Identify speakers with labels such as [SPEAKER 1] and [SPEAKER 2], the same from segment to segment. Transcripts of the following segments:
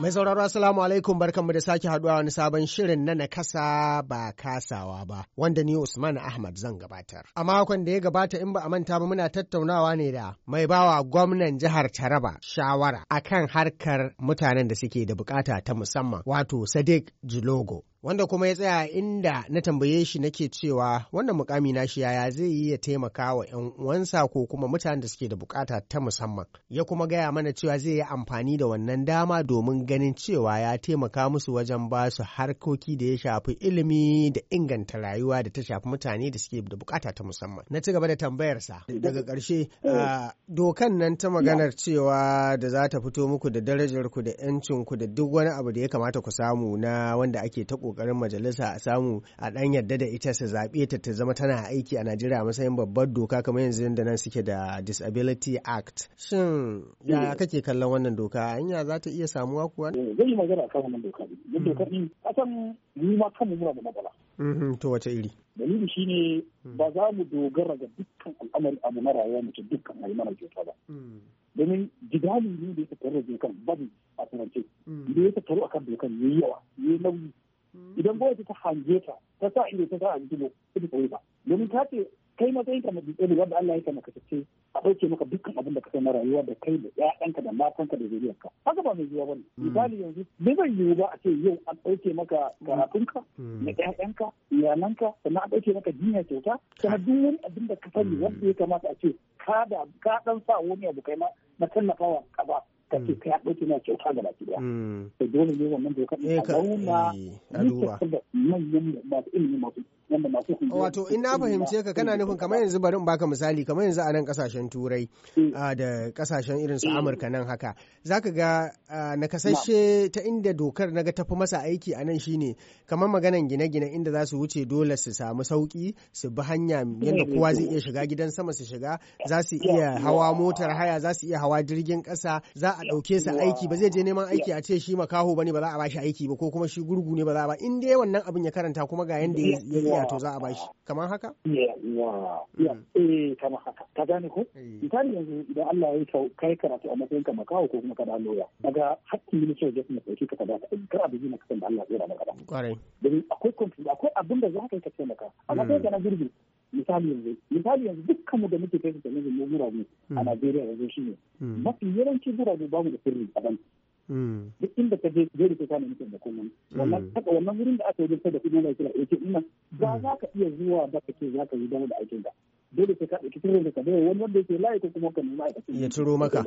[SPEAKER 1] Mai sauraro Assalamu alaikum barkanmu da sake haduwa wani sabon shirin na nakasa ba kasawa ba wanda ni Usman Ahmad zan gabatar. A makon da ya gabata in ba a manta ba muna tattaunawa ne da mai bawa gwamnan jihar Taraba shawara akan harkar mutanen da suke da bukata ta musamman wato Sadiq Jilogo wanda kuma ya tsaya inda na tambaye shi nake cewa wannan mukami na shi yaya zai yi ya taimaka wa 'yan uwansa ko kuma mutanen da suke da bukata ta musamman ya kuma gaya mana cewa zai yi amfani da wannan dama domin ganin cewa ya taimaka musu wajen ba su harkoki da ya shafi ilimi da inganta rayuwa da ta shafi mutane da suke da bukata ta musamman na ci gaba da tambayarsa daga ƙarshe eh. dokan nan ta maganar cewa da za ta fito muku da darajar ku da 'yancin ku da duk wani abu da ya kamata ku samu na wanda ake ta kokarin majalisa a samu a dan yadda da ita su zaɓe ta ta zama tana aiki a Najeriya matsayin babbar doka kamar yanzu da nan suke da Disability Act. Shin ya eh. kake kallon wannan doka Anya za ta iya samuwa kuwa? Eh, Zai yi magana
[SPEAKER 2] akan wannan doka. Duk doka mm-hmm. ɗin kasan ni ma kanmu muna da matsala.
[SPEAKER 1] Mm-hmm. To wace iri?
[SPEAKER 2] Dalili ne mm. ba za mu dogara ga dukkan al'amari abu na rayuwa mu ce dukkan a yi mana kyauta ba. Mm. Domin jidali ne da ya da dokan bari a turance. Mm. Da ya tattaru kan dokan ya yi yawa yi nauyi idan gwamnati ta hange ta ta sa ido ta sa a jibo ta ta ba domin ta ce kai matsayin ka mace ne wanda Allah ya ka maka tace a ɗauke maka dukkan abin da ka san na rayuwa da kai da ƴaƴanka da matanka da zuriyarka haka ba mai yiwuwa bane hmm. misali yanzu bai zai yiwu ba a ce yau an ɗauke maka karatunka hmm. na ƴaƴanka iyalanka sannan a ɗauke maka jinya kyauta sannan duk wani abin da ka sani hmm. wanda ya kamata a ce ka da ka dan sa wani abu kai ma na tallafawa ka ba ka ce mm. kai ɗauke na kyauta ga baki ɗaya. Mm. dole ne wannan doka ɗin eh eh, da manyan masu ilimi masu wato in na fahimce ka kana nufin kamar
[SPEAKER 1] yanzu bari in baka misali kamar yanzu a nan kasashen turai eh. da kasashen irin su amurka nan haka zaka ga nakasasshe ta inda dokar na ga tafi masa aiki a nan shine kamar maganan gine-gine inda za su wuce dole su samu sauki su bi hanya yadda kowa zai iya shiga gidan sama su shiga za su iya hawa motar haya za su iya hawa jirgin kasa za a ɗauke sa aiki ba zai je neman aiki a ce shi makaho bane ba za a bashi aiki ba ko kuma shi gurgu ne ba za a ba in dai wannan abin ya karanta kuma ga yanda ya iya to za a bashi kamar haka hmm.
[SPEAKER 2] eh kamar haka ka gane ko eh. misali yanzu idan Allah ya yi kai karatu a matsayin ka makaho ko kuma ka da loya daga hakkin ministry da kuma sauki ka kada kar a bijima kasan da Allah ya rama kada kwarai akwai akwai abin da za ka yi ka taimaka amma sai ka na gurbi misali yanzu misali yanzu dukkanmu da muke kai da nazarin mu guragu a hmm. Najeriya yanzu shi ne hmm. mafi yawanci guragu ba mu da sirri a hmm. duk inda ka je zai rike kana mutum da kullum wannan haka wannan wurin da aka yi da kudin da laifin yake ina ba za ka iya zuwa ba ka ce za ka yi da aikin ka dole sai ka ɗauki sirrin da ka bai wani wanda yake layi ko kuma ka nemi aikacin
[SPEAKER 1] ya turo maka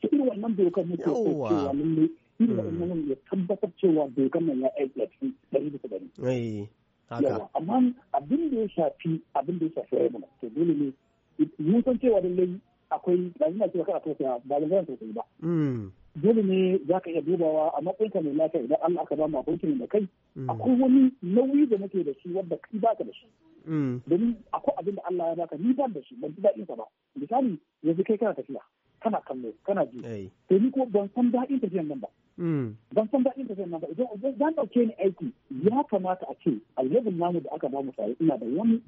[SPEAKER 2] su wannan dokar muke so cewa lalle irin wannan ya tabbatar cewa dokar nan ya aiki a cikin ɗari da
[SPEAKER 1] ɗari
[SPEAKER 2] amma abin da ya shafi abin da ya shafi rayuwa to dole ne mun san cewa lallai akwai ba zan ka kana tausaya ba zan zan tausaya ba mm. dole ne za ka iya dubawa a matsayin ka mai lafiya idan Allah aka ba mu abokin da kai mm. akwai wani nauyi da nake da shi wanda kai baka da shi mm. domin akwai abin da Allah ya baka ni ba da shi ban ji daɗin ba misali yanzu kai kana tafiya kana kallo kana ji to ni ko ban san daɗin tafiyan nan ba Mm. ban san daɗin da zai nan ba idan zan ɗauke ni aiki ya kamata a ce aljabin namu da aka bamu tare ina da wani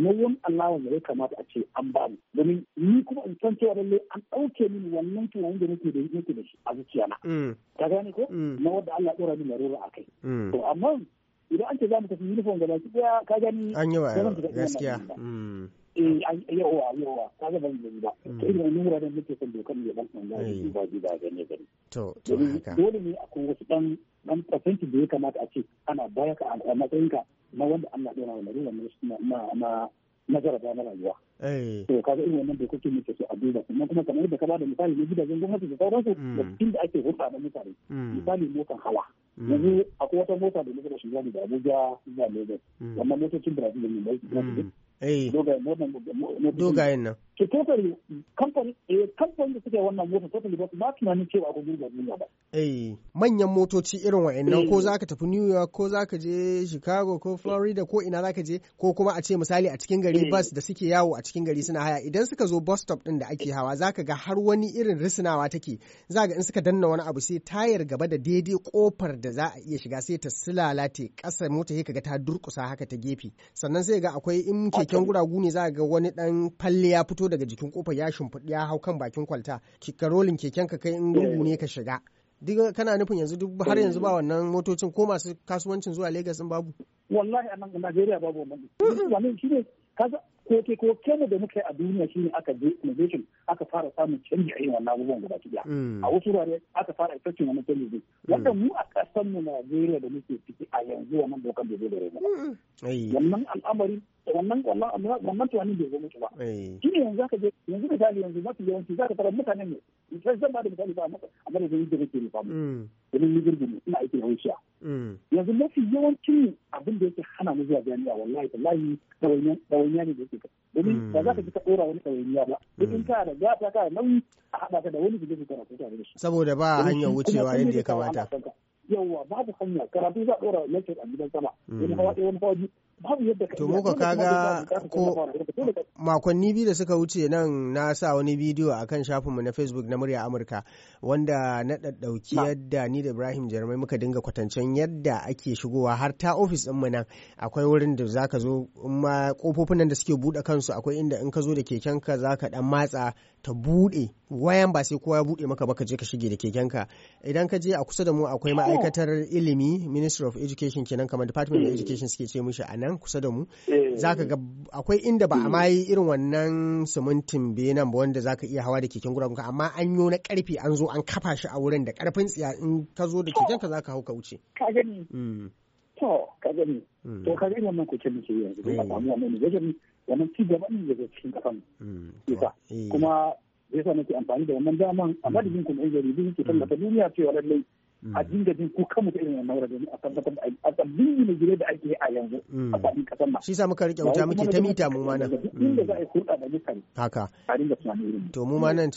[SPEAKER 2] na wani allawan da ya kamata a ce an bamu domin ni kuma in san cewa lallai an ɗauke mini wannan tunanin da nake da yake da shi a zuciya na mm. ka gane ko mm. na wanda Allah ya ɗora min larura a kai to amma idan an ce za mu tafi uniform gaba ki ka gani an yi wa gaskiya eh mm. yawa yawa ka ga ban gani ba mm. to irin wannan wuraren muke son dokan ya ban sanda da shi ba ji ba gane gani
[SPEAKER 3] to to haka dole
[SPEAKER 2] ne akwai wasu dan dan percent da ya kamata a ce ana baya ka a matsayin ka na wanda Allah ya dora wannan na na nazara da na rayuwa eh. to kaga irin wannan dokokin muke so a duba kuma kuma kamar da ka bada misali na gidajen gwamnati da sauransu mm. da inda ake hulɗa da mutane misali motan hawa yanzu akwai wata mota da muka shiga da Abuja zuwa Lagos amma motocin Brazil ne da Eh. dogayen nan ke totally kamfanin eh da suke wannan mota ba ba tunanin cewa ko gurbar duniya eh. manyan motoci
[SPEAKER 1] irin wa'annan ko eh. ka tafi New York ko za ka je Chicago ko Florida ko ina za ka je ko kuma a ce misali a cikin gari bus da suke yawo a cikin gari suna haya idan suka zo bus stop din da ake hawa za ka ga har wani irin risinawa take za ga in suka danna wani abu sai tayar gaba da daidai kofar da za a iya shiga sai ta silalate kasa mota sai ga ta durkusa haka ta gefe sannan sai ga akwai in ke. bakin guragu ne za a ga wani dan falle ya fito daga jikin kofar ya shimfiɗi ya hau kan bakin kwalta kikarolin keken ka kai in lungu ne ka shiga duk kana nufin yanzu duk har yanzu ba wannan motocin ko masu kasuwancin zuwa Legas din babu wallahi a nan Najeriya babu wannan
[SPEAKER 2] wannan shine kaza ko koke da muka yi a duniya shine aka je innovation aka fara samun canji a yin wannan abubuwan gaba ki hmm. a wasu wurare aka fara effectin wannan canji din hmm. wanda mu a kasar mu Najeriya da muke ciki a yanzu wannan dokan da zai da rai wannan al'amari wannan wannan wannan tunanin bai zo mutu ba ne yanzu aka je yanzu misali yanzu mafi yawanci zaka fara mutane ne zan ba da misali ba a madadin da kake nufa mu hmm. domin ni girgin ina aiki da Mm. yanzu mafi yawancin abin da yake hana mu zuwa jami'a wallahi wallahi ɗawainiya ne da yake ka domin mm. ba za ka ji ka ɗora wani ɗawainiya ba duk in kana da gata kana nauyi a haɗa ka da wani da zai karatu tare da shi
[SPEAKER 1] saboda ba hanyar wucewa yadda ya kamata
[SPEAKER 2] yawwa babu hanya karatu za a ɗora lecture a gidan sama wani mm. hawa ɗaya wani hawa biyu babu yadda ka to muka kaga ko
[SPEAKER 1] makonni biyu da suka wuce nan na sa wani bidiyo a kan shafinmu na facebook na murya amurka wanda na ɗaɗɗauki yadda ni da ibrahim jarumai muka dinga kwatancen yadda ake shigowa har ta ofis ɗinmu nan akwai wurin da za ka zo ma kofofin nan da suke buɗe kansu akwai inda in ka zo da ka za ka ɗan matsa ta buɗe wayan ba sai kowa ya buɗe maka ba ka je ka shige da ka idan ka je a kusa da mu akwai oh. ma'aikatar ilimi ministry of education kenan kamar department of eh. education suke ce mishi a nan kusa da mu
[SPEAKER 3] eh. za ka ga
[SPEAKER 1] akwai inda ba a ma yi irin wannan simintin benin ba wanda zaka iya hawa da keken guragun ka amma an yo na karfe an zo an kafa shi a wurin da karfin tsiya in ka zo da keken ka zaka hau ka
[SPEAKER 2] wuce ka gani mm. to ka gani mm. to ka gani wannan kuce muke yanzu samu mm. wannan wannan ci gaban ne daga cikin kafan isa eh. kuma yasa nake amfani da wannan daman a madadin kuma yan jaridu ke tallata duniya cewa lallai Mm. a dinga bin ku mu da irin wannan wurare domin a tabbatar da a tsabbin yi mai da ake a yanzu a mm. faɗin ƙasar nan. Shi sa muka rike wuta muke ta mita
[SPEAKER 1] mu mana. nan. Inda za a yi mm. hulɗa da mutane. Haka. A dinga tunanin irin. To mu ma nan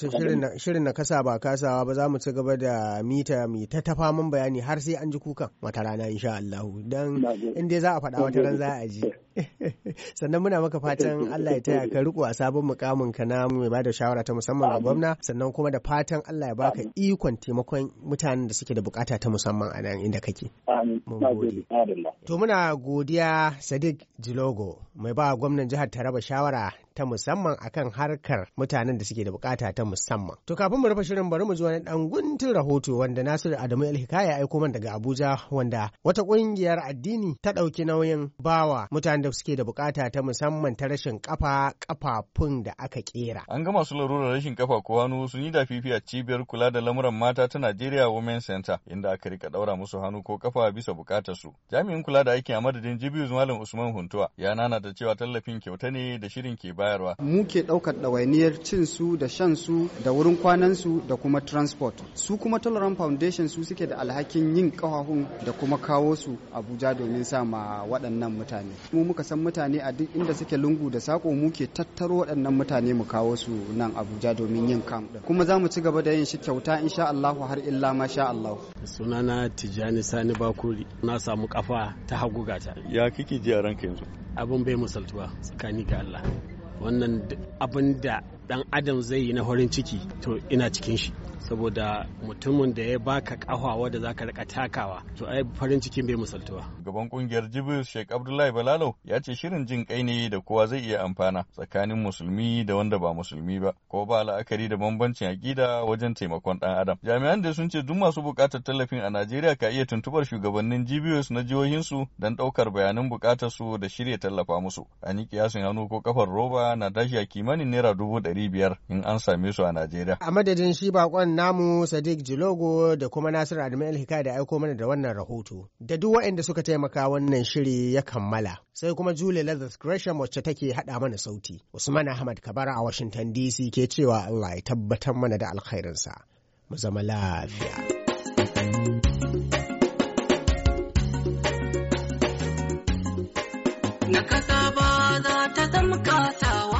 [SPEAKER 1] shirin na kasa ba kasawa ba za mu ci gaba da mita mai ta tafa mun bayani har sai an ji kukan wata rana insha Allah. don in dai za a faɗa wata ran za a ji. sannan muna maka fatan Allah ya taya ka riko a sabon mukamin ka na mai ba da shawara ta musamman ga gwamna sannan kuma da fatan Allah ya baka ikon taimakon mutanen da suke da bukata ta musamman a nan inda kake. To muna godiya Sadiq Jilogo mai ba gwamnan jihar Taraba shawara ta musamman akan harkar mutanen da suke da bukata ta musamman. To kafin mu rufe shirin bari mu zo dan guntun rahoto wanda Nasiru Adamu Elhikaya ya aiko man daga Abuja wanda wata kungiyar addini ta dauki nauyin bawa mutane waɗanda suke da bukata ta musamman ta rashin kafa kafafun da aka kera. An gama su larurar rashin kafa ko hannu sun yi da fifi a cibiyar kula da lamuran mata ta Najeriya Women Center inda aka rika daura musu hannu ko kafa bisa bukatar su. Jami'in kula da aikin a madadin Jibiyu Malam Usman Huntuwa ya ta cewa tallafin kyauta ne da shirin ke bayarwa. Mu ke ɗaukar ɗawainiyar cin su da shan su da wurin kwanan su da kuma transport. Su kuma Tolerant Foundation su suke da alhakin yin kafafun da kuma kawo su Abuja domin sa ma waɗannan mutane. Mu muka san mutane a duk inda suke lungu da sako ke tattaro waɗannan mutane mu kawo su nan Abuja domin yin kam ɗin kuma za mu ci gaba da yin shi kyauta insha Allah har illa ma sha Allah sunana Tijani Sani Bakuri na samu kafa ta hagu gata ya kike ji a ranka yanzu abin bai musaltuwa tsakani ga Allah wannan abin da dan adam zai yi na farin ciki to ina cikin shi saboda mutumin da ya baka wadda za ka rika takawa to ai farin cikin bai musaltuwa gaban kungiyar jibril sheikh abdullahi balalo ya ce shirin jin kai ne da kowa zai iya amfana tsakanin musulmi da wanda ba musulmi ba ko ba la'akari da bambancin aƙida wajen taimakon ɗan adam jami'an da sun ce duk masu buƙatar tallafin a najeriya ka iya tuntubar shugabannin gbs na jihohinsu don ɗaukar bayanan buƙatar su da shirya tallafa musu an yi kiyasin hannu ko kafar roba na tashi a kimanin naira dubu ɗari biyar in an same su a najeriya a madadin shi bakon namu Sadiq Jilogo da kuma Nasiru Adamu Alhika da aiko mana da wannan rahoto. Da duk waɗanda suka taimaka wannan shiri ya kammala. Sai kuma Julie Lazarus Gresham wacce take haɗa mana sauti. Usman Ahmad Kabara a Washington DC ke cewa Allah ya tabbatar mana da alkhairinsa. Mu zama lafiya.
[SPEAKER 3] Na kasa ba za ta zama kasawa.